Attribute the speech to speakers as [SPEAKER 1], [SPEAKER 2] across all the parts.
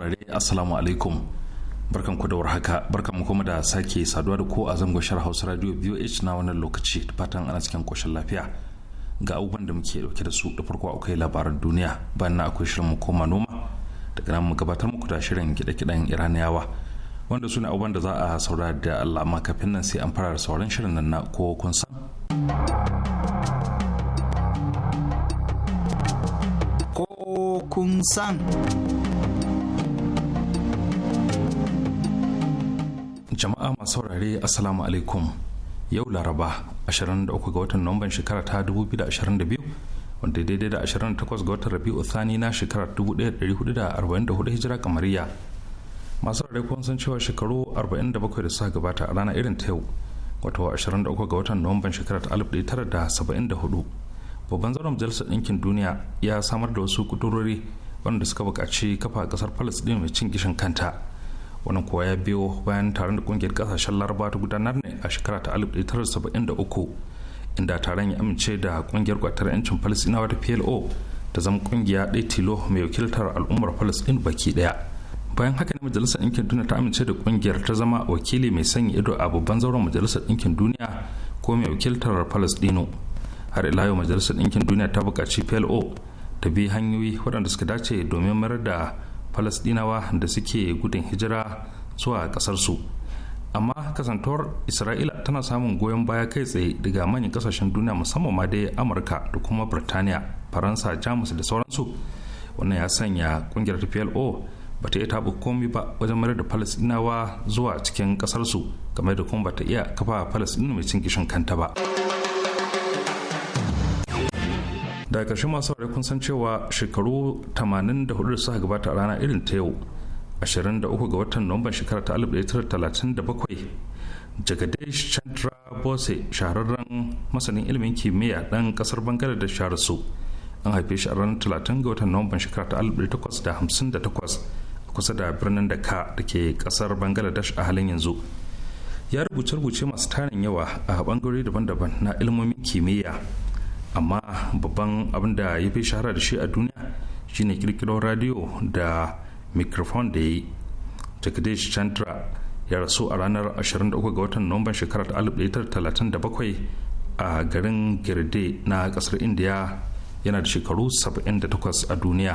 [SPEAKER 1] saurare assalamu alaikum barkan ku da warhaka barkan mu kuma da sake saduwa da ko a zangon shar hausa radio voh na wannan lokaci da fatan ana cikin koshin lafiya ga abubuwan da muke dauke da su da farko akwai labaran duniya bayan na akwai shirin mu koma noma daga nan mu gabatar muku da shirin gida-gidan iraniyawa wanda su ne abubuwan da za a saurara da allah amma kafin nan sai an fara sauran shirin nan na ko kun san
[SPEAKER 2] ko kun san
[SPEAKER 1] jama'a masu saurare assalamu alaikum yau laraba 23 ga watan nomban shekara ta 2022 wanda daidai da 28 ga watan rabi'u thani na shekara 1444 hijira kamariya masu saurare kuma sun cewa shekaru 47 da suka gabata a rana irin ta yau wato 23 ga watan shekara ta 1974 babban zaron majalisar ɗinkin duniya ya samar da wasu kudurori wanda suka buƙaci kafa ƙasar palestine mai cin gishin kanta wannan kuwa ya biyo bayan taron da kungiyar kasashen laraba ta gudanar ne a shekara ta 1973 inda taron ya amince da kungiyar kwatar yancin palestinawa ta plo ta zama kungiya ɗaya tilo mai wakiltar al'ummar palestin baki ɗaya bayan haka ne majalisar ɗinkin duniya ta amince da kungiyar ta zama wakili mai sanya ido a babban zauren majalisar ɗinkin duniya ko mai wakiltar palestino har ila yau majalisar ɗinkin duniya ta buƙaci plo ta bi hanyoyi waɗanda suka dace domin mayar da falasdinawa da suke gudun hijira zuwa ƙasarsu amma kasantuwar isra'ila tana samun goyon baya kai tsaye daga manyan kasashen duniya musamman ma dai amurka da kuma birtaniya faransa jamus da sauransu wannan ya sanya kungiyar plo ba ta iya taɓa komi ba wajen mayar da falasdinawa zuwa cikin ƙasarsu game da kuma ba ta iya kafa falasdin mai cin kishin kanta ba. daga ƙarshe masu saurari kun san cewa shekaru 84 suka gabata a rana irin ta yau 23 ga watan nomban shekara ta 1937 jagadish chandra bose shahararren masanin ilimin kimiyya ɗan ƙasar bangare da rasu an haife shi a ranar 30 ga watan nomban shekara ta 1858 kusa da birnin daka da ke ƙasar bangladesh a halin yanzu ya rubuce-rubuce masu tarin yawa a bangarori daban-daban na ilmomin kimiyya amma babban abin da ya fi shahara da shi a duniya shine kirkiro radiyo da microphone da ya yi jagadish chandra ya rasu a ranar 23 ga watan nomban shekarar 1937 a garin girde na kasar indiya yana da shekaru 78 a duniya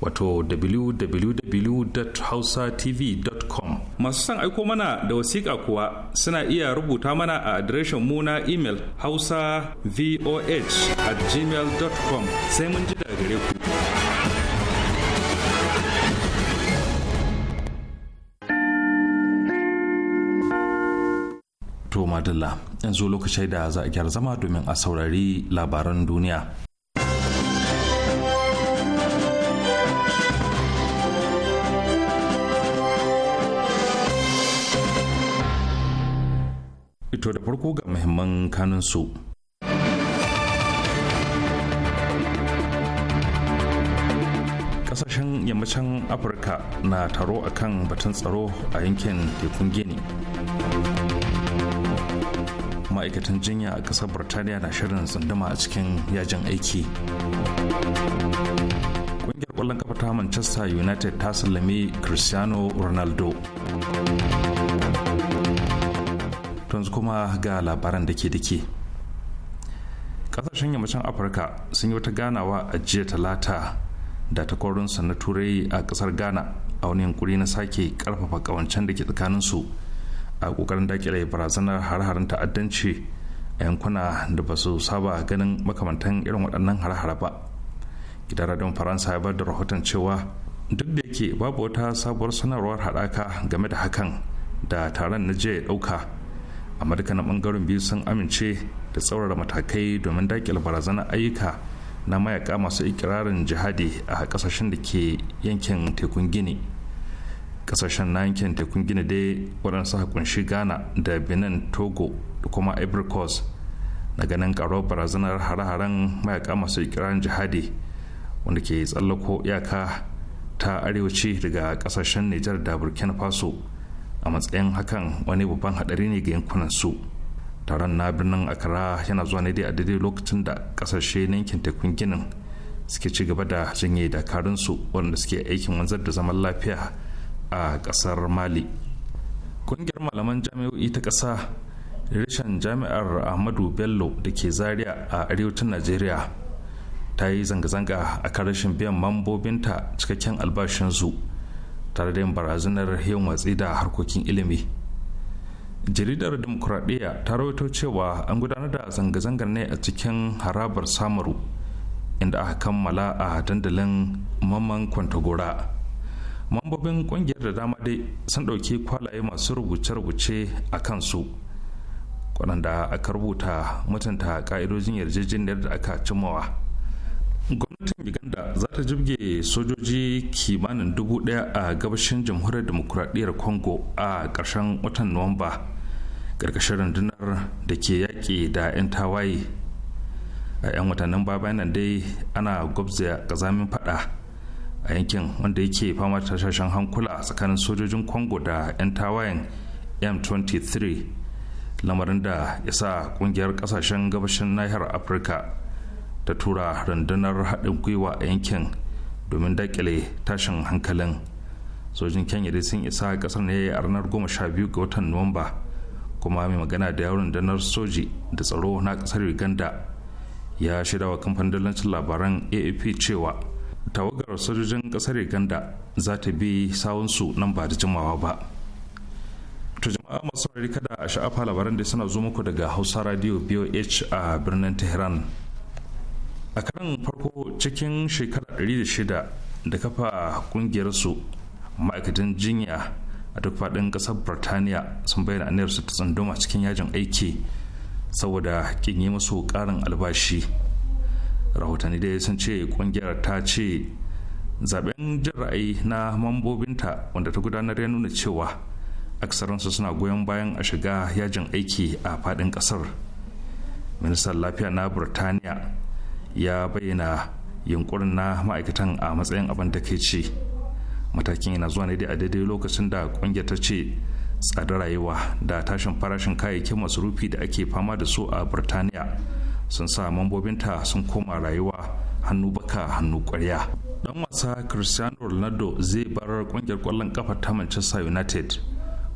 [SPEAKER 1] wato www.hausatv.com masu son aiko mana da wasiƙa kuwa suna iya rubuta mana a adireshin mu na imel hausa voh at gmail.com sai mun ji da gare ku to madalla yanzu lokacin da za a kyar zama domin a saurari labaran duniya fito da farko ga muhimman su. Ƙasashen yammacin Afirka na taro a kan batun tsaro a yankin tekun Gini. Ma'aikatan jinya a ƙasar Birtaniya na shirin tsunduma a cikin yajin aiki. Ƙungiyar ƙwallon kafa ta Manchester United ta sallame Cristiano Ronaldo. yanzu kuma ga labaran da ke dake ƙasashen yammacin afirka sun yi wata ganawa a jiya talata da takwarinsa na turai a ƙasar ghana a wani yankuri na sake ƙarfafa ƙawancen da ke tsakaninsu a kokarin dakile barazanar har-haren ta'addanci a yankuna da ba su saba ganin makamantan irin waɗannan har-hara ba gidan radon faransa ya bar da rahoton cewa duk da yake babu wata sabuwar sanarwar haɗaka game da hakan da taron na jiya ya ɗauka amma na bangaren biyu sun amince da tsaurara matakai domin dakile barazanar ayyuka na mayaka masu ikirarin jihadi a kasashen da ke yankin tekun gini kasashen na yankin tekun gini dai waɗansu kunshi ghana da benin togo da kuma ivory na ganin karo barazanar hare-haren mayaka masu ikirarin jihadi wanda ke tsallako iyaka ta arewaci daga kasashen nijar da burkina faso a matsayin hakan wani babban hadari ne ga yankunan su taron na birnin akara yana zuwa ne dai a daidai lokacin da kasashe na yankin tekun ginin suke ci gaba da janye su waɗanda suke aikin wanzar da zaman lafiya a kasar mali kungiyar malaman jami'o'i ta kasa reshen jami'ar ahmadu bello da ke zaria a arewacin najeriya ta yi zanga-zanga a kan rashin biyan mambobinta cikakken albashinsu tare da yin barazanar yin watsi da harkokin ilimi jaridar demokuraɗiyya ta rawaito cewa an gudanar da zanga-zangar ne a cikin harabar samaru inda aka kammala a dandalin mamman kwantagora mambobin ƙungiyar da dama dai sun ɗauki kwalaye masu rubuce-rubuce a kansu waɗanda aka rubuta mutunta ƙa'idojin yarjejeniyar da aka cimmawa gwamnatin uganda za ta jibge sojoji kimanin dubu daya a gabashin jamhuriyar demokuraɗiyyar congo a ƙarshen watan nuwamba ƙarƙashin rundunar da ke yaƙi da 'yan tawaye a 'yan watannin baya nan dai ana gwabza ƙazamin fada a yankin wanda yake fama da tashashen hankula tsakanin sojojin congo da 'yan tawayen m23 lamarin da ya sa ƙungiyar ƙasashen gabashin nahiyar afirka ta tura rundunar haɗin gwiwa a yankin domin daƙile tashin hankalin sojin kenya dai sun isa ƙasar ne a ranar goma sha biyu ga watan nuwamba kuma mai magana da yawon rundunar soji da tsaro na ƙasar uganda ya shaida wa kamfanin dalancin labaran aap cewa tawagar sojojin ƙasar uganda za ta bi sawunsu nan ba da jimawa ba To jama'a masu kada a sha'afa labaran da suna zo muku daga Hausa Radio BOH a birnin Tehran. a kan farko cikin shekarar 106 da kafa kungiyarsu ma'aikatan jinya a duk faɗin ƙasar birtaniya sun bayyana su ta tsanduma cikin yajin aiki saboda kin yi musu ƙarin albashi rahotanni dai sun ce kungiyar ta ce zaben jin ra'ayi na mambobinta wanda ta gudanar ya nuna cewa aksaransu suna goyon bayan a shiga yajin aiki a faɗin ƙasar ministan lafiya na birtaniya ya bayyana yunkurin na ma'aikatan a matsayin abin da ke ce matakin yana zuwa ne a daidai lokacin da kungiyar ta ce tsadar rayuwa da tashin farashin kayayyakin masarufi da ake fama da su a birtaniya sun sa mambobinta sun koma rayuwa hannu baka hannu kwarya dan wasa cristiano ronaldo zai bar kungiyar kwallon kafa ta manchester united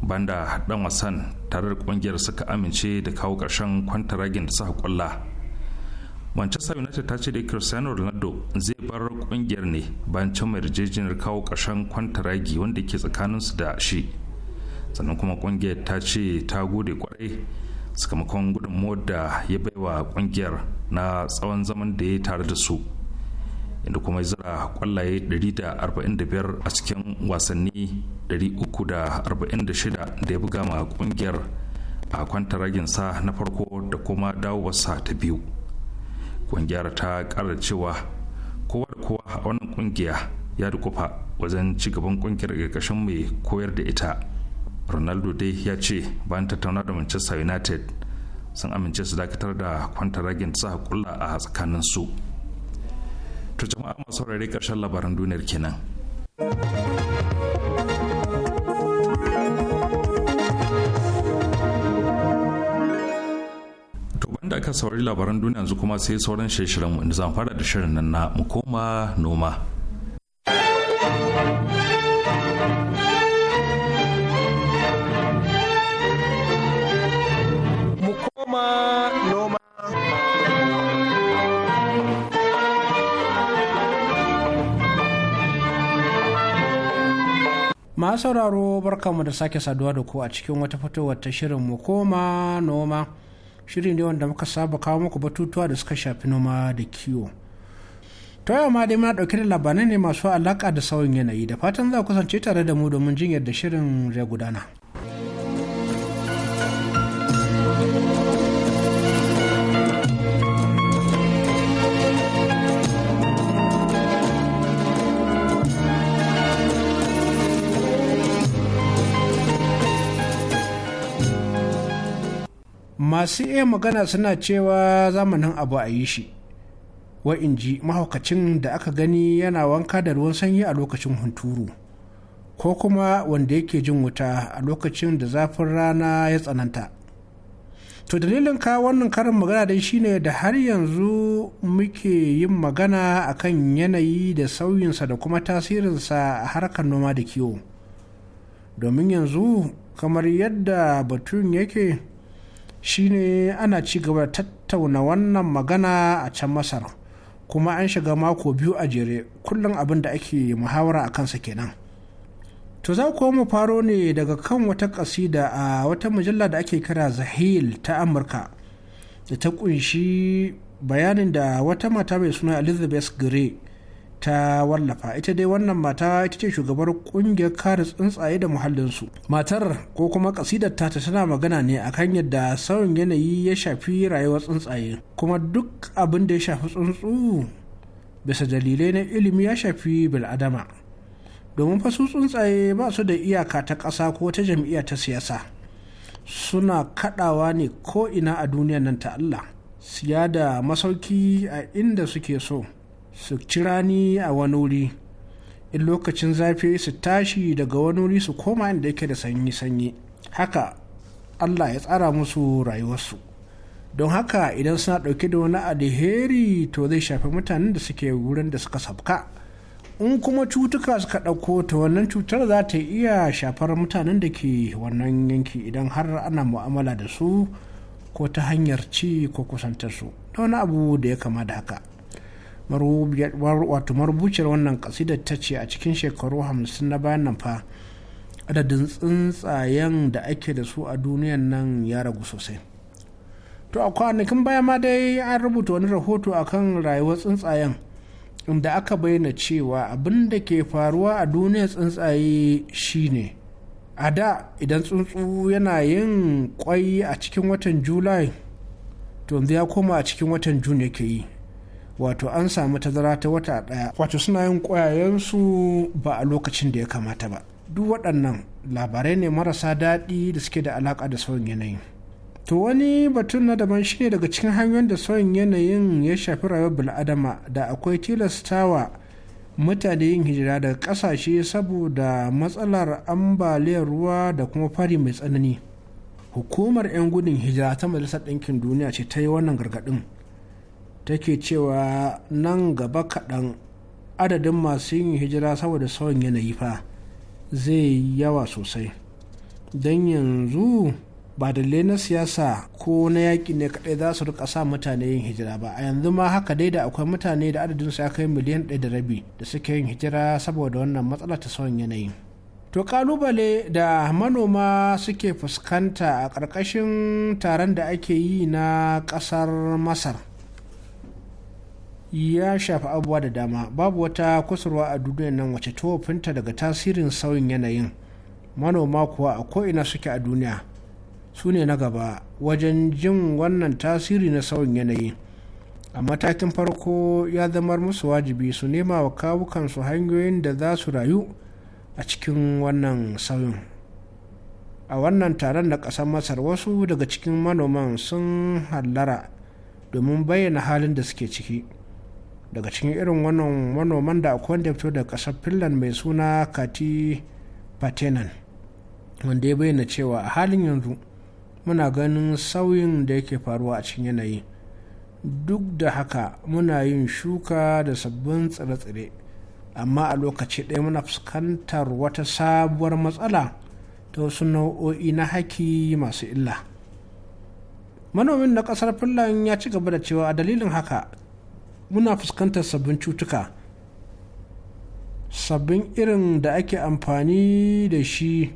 [SPEAKER 1] banda dan wasan tare da kungiyar suka amince da kawo ƙarshen kwantaragin da suka kwalla manchester united ta ce da cristiano ronaldo zai bar kungiyar ne bayan can mai rijejinar kawo ƙarshen kwantaragi wanda ke tsakaninsu da shi sannan kuma kungiyar ta ce ta gode kwarai sakamakon gudun da ya baiwa kungiyar na tsawon zaman da ya tare da su inda kuma ya zira kwallaye 145 a cikin wasanni 346 da ya buga ma kungiyar a kwantaraginsa na farko da kuma dawowarsa ta biyu kungiyar ta ƙara cewa kowa da kowa a wannan kungiya ya dukufa wajen ci gaban kungiyar karkashin mai koyar da ita ronaldo dai ya ce bayan tattauna da manchester united sun amince su dakatar da kwantar ragin sa kulla a tsakanin su to jama'a masu rarrai karshen labaran duniyar kenan. da aka saurari labaran duniya yanzu kuma sai sauran shirin inda zan fara da shirin nan na mu koma noma.
[SPEAKER 3] masu sauraro barkamu da sake saduwa da ku a cikin wata fitowar ta shirin mu koma noma Shirin ne wanda muka saba kawo muku batutuwa da suka shafi noma da kiwo ta yau ma dai muna ɗauke da labarai ne masu alaƙa da sauyin yanayi da fatan za ku kusance tare da mu domin jin yadda shirin zai gudana masu iya magana suna cewa zamanin abu a yi shi wa in ji mahaukacin da aka gani yana wanka da ruwan sanyi a lokacin hunturu ko kuma wanda yake jin wuta a lokacin da zafin rana ya tsananta to dalilin ka wannan karin magana dai shine da har yanzu muke yin magana akan yanayi da sauyinsa da kuma tasirinsa a harkar noma da kiwo domin yanzu kamar yadda batun yake shine ana ci gaba da tattauna wannan magana a can masar kuma an shiga mako biyu a jere kullum abin da ake muhawara a kansa kenan to za kuwa mu faro ne daga kan wata kasida a wata mujalla da ake kira zahil ta amurka da ta kunshi bayanin da wata mata mai suna elizabeth gray ta wallafa ita dai wannan mata ita ce shugabar kungiyar kare tsuntsaye da muhallinsu matar ko kuma kasidar ta tana magana ne akan yadda sauyin yanayi ya shafi rayuwar tsuntsaye kuma duk abin da ya shafi tsuntsu bisa dalilai na ilimi ya shafi bil'adama domin fasu tsuntsaye ba su da iyaka ta ƙasa ko ta jam'iyya ta siyasa suna kaɗawa ne ko ina a duniyar nan ta Allah siya da masauki a inda suke so su ci rani a wani wuri in lokacin zafi su tashi daga wani wuri su koma inda yake da sanyi-sanyi haka allah ya tsara musu rayuwarsu don haka idan suna ɗauke da wani alheri to zai shafi mutanen da suke wurin da suka sabka in kuma cutuka suka ɗauko ta wannan cutar za ta iya shafar mutanen da ke wannan yanki idan har ana mu'amala da su ko ta hanyar ci ko kusantar su da wani abu da ya kama da haka wato marubuciyar wannan kasidar ta ce a cikin shekaru hamsin na bayan nan fa adadin tsuntsayen da ake da su a duniyan nan ya ragu sosai to a kwanakin baya ma dai an rubuta wani rahoto akan rayuwar tsuntsayen inda aka bayyana cewa abin da ke faruwa a duniyar tsuntsaye shine a da idan tsuntsu yana yin kwai a cikin watan julai to ya koma a cikin watan jun yake yi wato an samu tazara ta wata ɗaya wato suna yin ƙwayayensu ba a lokacin da ya kamata ba duk waɗannan labarai ne marasa daɗi da suke da alaƙa da sauyin yanayin to wani batun na daban shine daga cikin hanyoyin da sauyin yanayin ya shafi rayuwar bil'adama da akwai tilastawa mutane yin hijira daga ƙasashe saboda matsalar ambaliyar ruwa da kuma fari mai tsanani hukumar 'yan gudun hijira ta majalisar ɗinkin duniya ce ta yi wannan gargaɗin take cewa nan gaba kaɗan adadin masu yin hijira saboda sauyin yanayi fa zai yawa sosai don yanzu ba le na siyasa ko na yaƙi ne kaɗai za su rika sa mutane yin hijira ba a yanzu ma haka dai da akwai mutane da adadin su ya kai miliyan ɗaya da rabi da suke yin hijira saboda wannan matsala ta sauyin yanayi to kalubale da manoma suke fuskanta a ƙarƙashin taron da ake yi na ƙasar masar ya shafi abubuwa da dama babu wata kusurwa a duniyar nan wace tofinta daga tasirin sauyin yanayin manoma kuwa a ko'ina suke a duniya su ne na gaba wajen jin wannan tasiri na sauyin yanayi a matakin farko ya zamar musu wajibi su nema wa kawukansu hanyoyin da za su rayu a cikin wannan sauyin a wannan taron na ƙasar masar wasu daga cikin manoman sun hallara domin bayyana halin da suke ciki. daga cikin irin wannan manoman da akwai wanda fito da kasar finland mai suna kati patenan wanda ya bayyana cewa a halin yanzu muna ganin sauyin da yake faruwa a cikin yanayi duk da haka muna yin shuka da sabbin tsire-tsire amma a lokaci ɗaya muna fuskantar wata sabuwar matsala ta wasu nau'o'i na haki masu illa manomin na ƙasar finland ya ci gaba da cewa a dalilin haka muna fuskantar sabbin cutuka sabbin irin da ake amfani da shi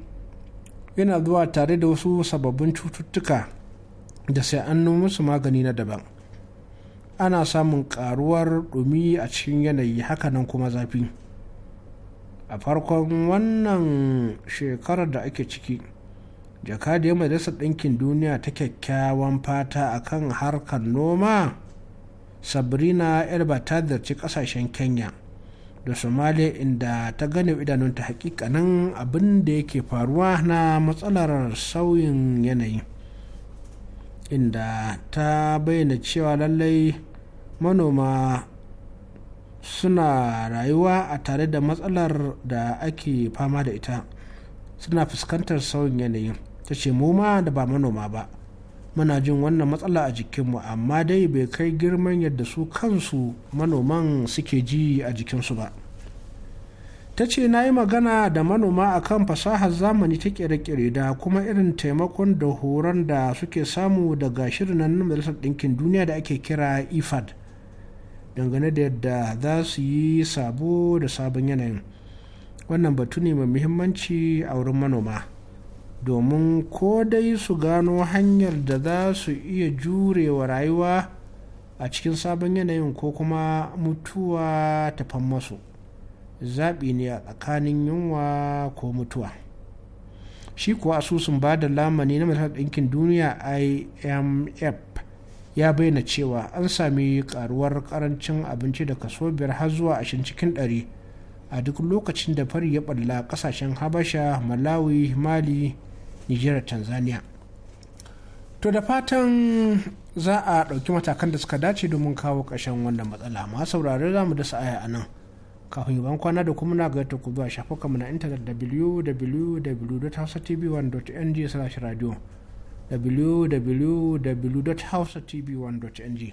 [SPEAKER 3] yana zuwa tare da wasu sababbin cututtuka da sai an musu magani na daban ana samun karuwar dumi a cikin yanayi hakanan kuma zafi a farkon wannan shekarar da ake ciki jakadiyar majalisar ɗinkin duniya ta kyakkyawan fata akan harkar noma sabrina elba ta zarci kasashen kenya da somalia inda ta gane idanunta hakikanin abin da yake faruwa na matsalar sauyin yanayi inda ta bayyana cewa lallai manoma suna rayuwa a tare da matsalar da ake fama da ita suna fuskantar sauyin yanayi ta ce mu ma da ba manoma ba muna jin wannan matsala a jikinmu amma dai bai kai girman yadda su kansu manoman suke ji a jikinsu ba ta ce na yi magana da manoma a kan fasahar zamani ta kere-kere da kuma irin taimakon da horon da suke samu daga shirin na majalisar ɗinkin duniya da ake kira ifad e dangane da yadda za su yi sabo da sabon yanayin wannan batu ne mai muhimmanci a wurin manoma. domin ko dai su gano hanyar da za su iya jurewa rayuwa a cikin sabon yanayin ko kuma mutuwa ta masu zaɓi ne a tsakanin yunwa ko mutuwa shi kuwa asusun ba da lamani na majalisar ɗinkin duniya imf ya bayyana cewa an sami karuwar karancin abinci da kaso biyar har zuwa ashirin cikin ɗari a duk lokacin da fari ya balla kasashen habasha malawi mali nigeria tanzania to da fatan za a ɗauki matakan da suka dace domin kawo ƙarshen wannan matsala ma saurari za mu da sa'aya a nan kafin ban kwana da kuma na gaita ku zuwa shafukanmu na intanet www.hausatv1.ng/radio www.hausatv1.ng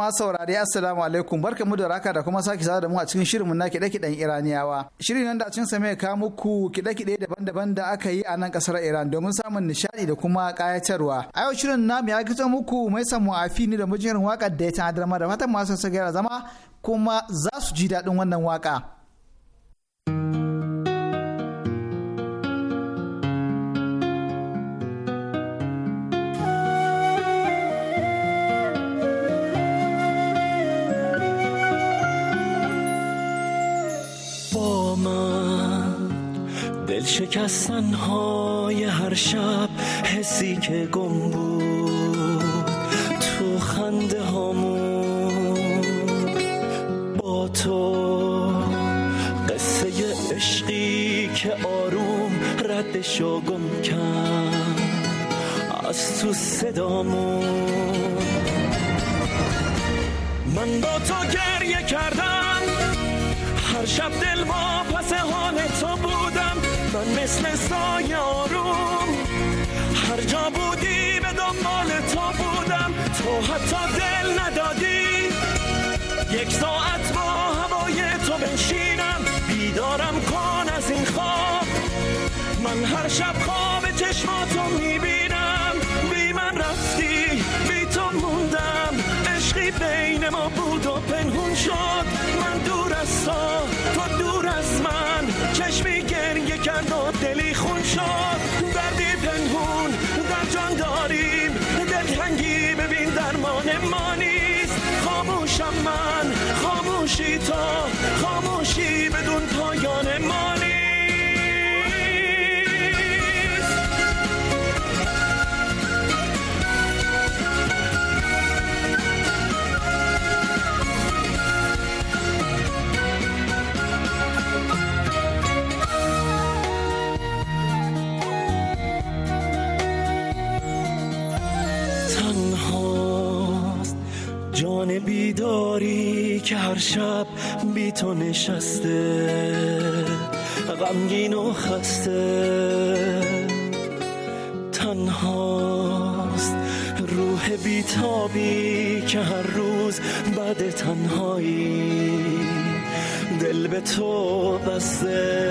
[SPEAKER 2] masu saurare assalamu alaikum barka mu da raka da kuma sake sada da mu a cikin shirinmu na kiɗe-kiɗen iraniyawa shirin nan da cin sa mai kawo muku kiɗe-kiɗe daban-daban da aka yi a nan ƙasar iran domin samun nishaɗi da kuma kayatarwa a yau shirin namu ya gizo muku mai samu afi ni da mijin waƙar da ya adrama da fatan masu sa zama kuma za su ji daɗin wannan waka.
[SPEAKER 4] شکستن های هر شب حسی که گم بود تو خنده هامون با تو قصه عشقی که آروم ردش و گم کرد از تو صدامون من با تو گریه کردم هر شب دل ما پس حال تو مثل آروم هر جا بودی به دنبال تو بودم تو حتی دل ندادی یک ساعت با هوای تو بنشینم بیدارم کن از این خواب من هر شب خواب چشماتو میبینم بی من رفتی بی تو موندم عشقی بین ما بود و پنهون شد من دور از no te elijo un yo بیداری که هر شب بی تو نشسته غمگین و خسته تنهاست روح بیتابی که هر روز بعد تنهایی دل به تو بسته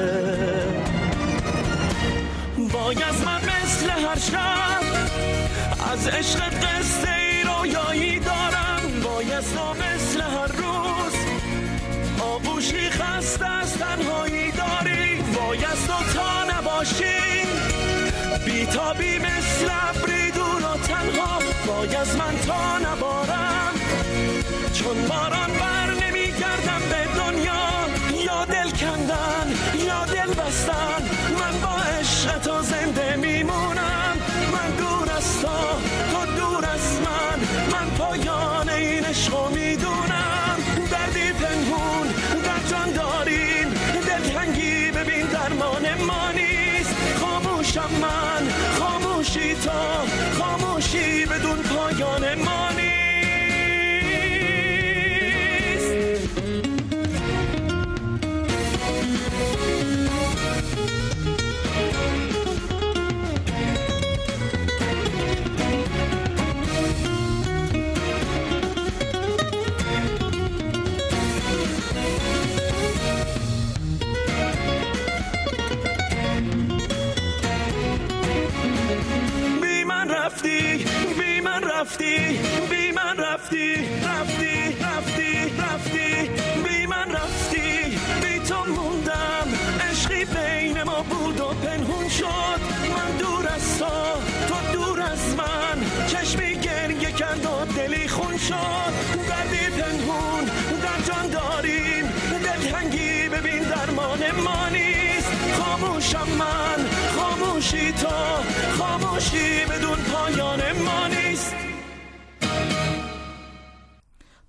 [SPEAKER 4] باید من مثل هر شب از عشق قصه تنهایی داری وای از تو تا نباشی بیتابی مثل ابری دور و تنها وای من تا نبارم چون باران بر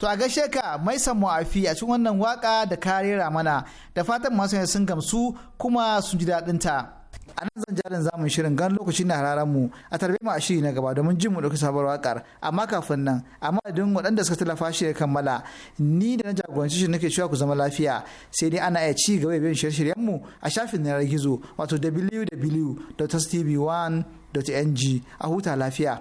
[SPEAKER 2] To a gaishe ka mai samu a cikin wannan waka da ka rera mana da fatan masu sun gamsu kuma sun ji daɗin ta. A nan zan jarin zamun shirin gan lokacin na hararen mu a tarbe mu a shiri na gaba domin jin mu ɗauki sabuwar wakar amma kafin nan a madadin waɗanda suka tallafa shi ya kammala ni da na jagoranci shi nake cewa ku zama lafiya sai dai ana iya ci gaba bin shirye-shiryen mu a shafin yanar gizo wato www.tv1.ng a huta lafiya.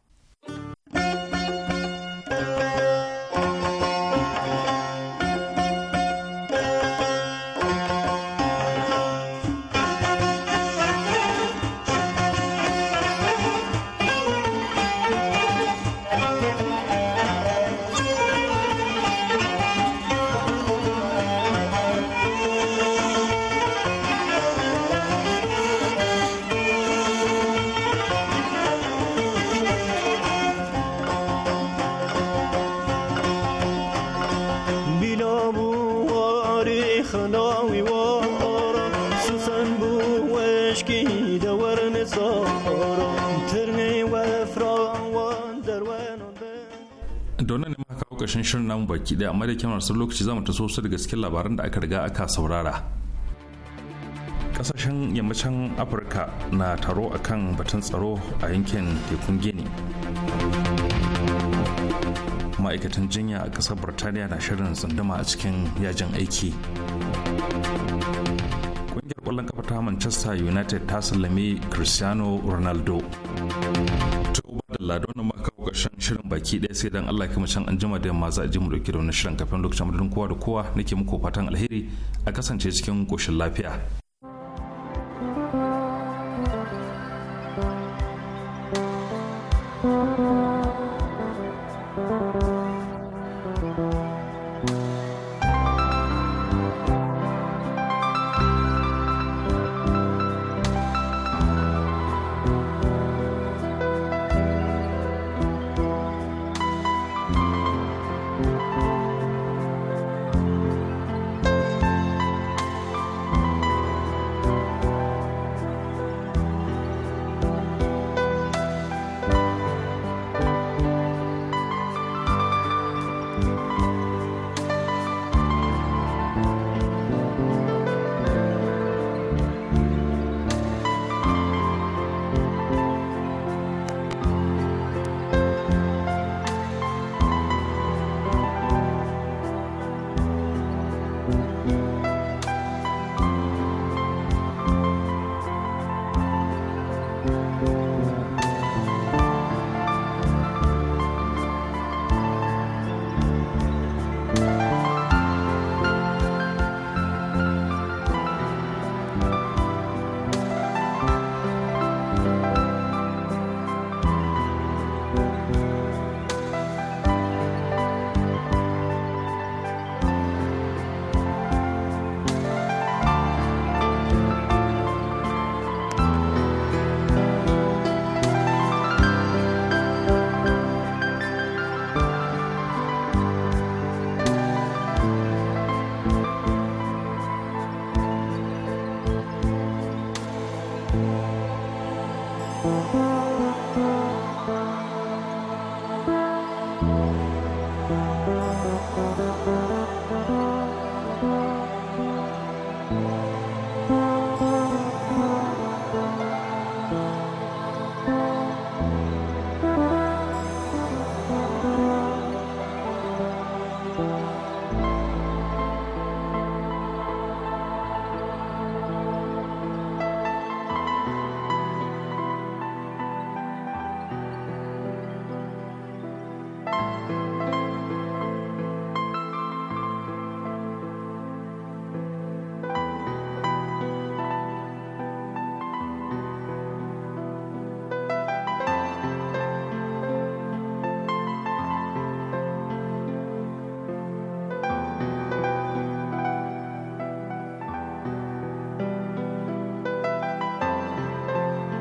[SPEAKER 1] karshen shirin namu baki daya amma da kyan wasu lokaci zamu taso su da gaske labaran da aka riga aka saurara kasashen yammacin afirka na taro akan batun tsaro a yankin tekun gini ma'aikatan jinya a kasar birtaniya na shirin tsunduma a cikin yajin aiki kungiyar kwallon kafa ta manchester united ta sallame cristiano ronaldo to da ladon maka ƙarshen shirin baki ɗaya sai dan Allah kuma can anjima da yamma za a ji mu dauke da wannan shirin kafin lokacin madadin kowa da kowa nake muku fatan alheri a kasance cikin koshin lafiya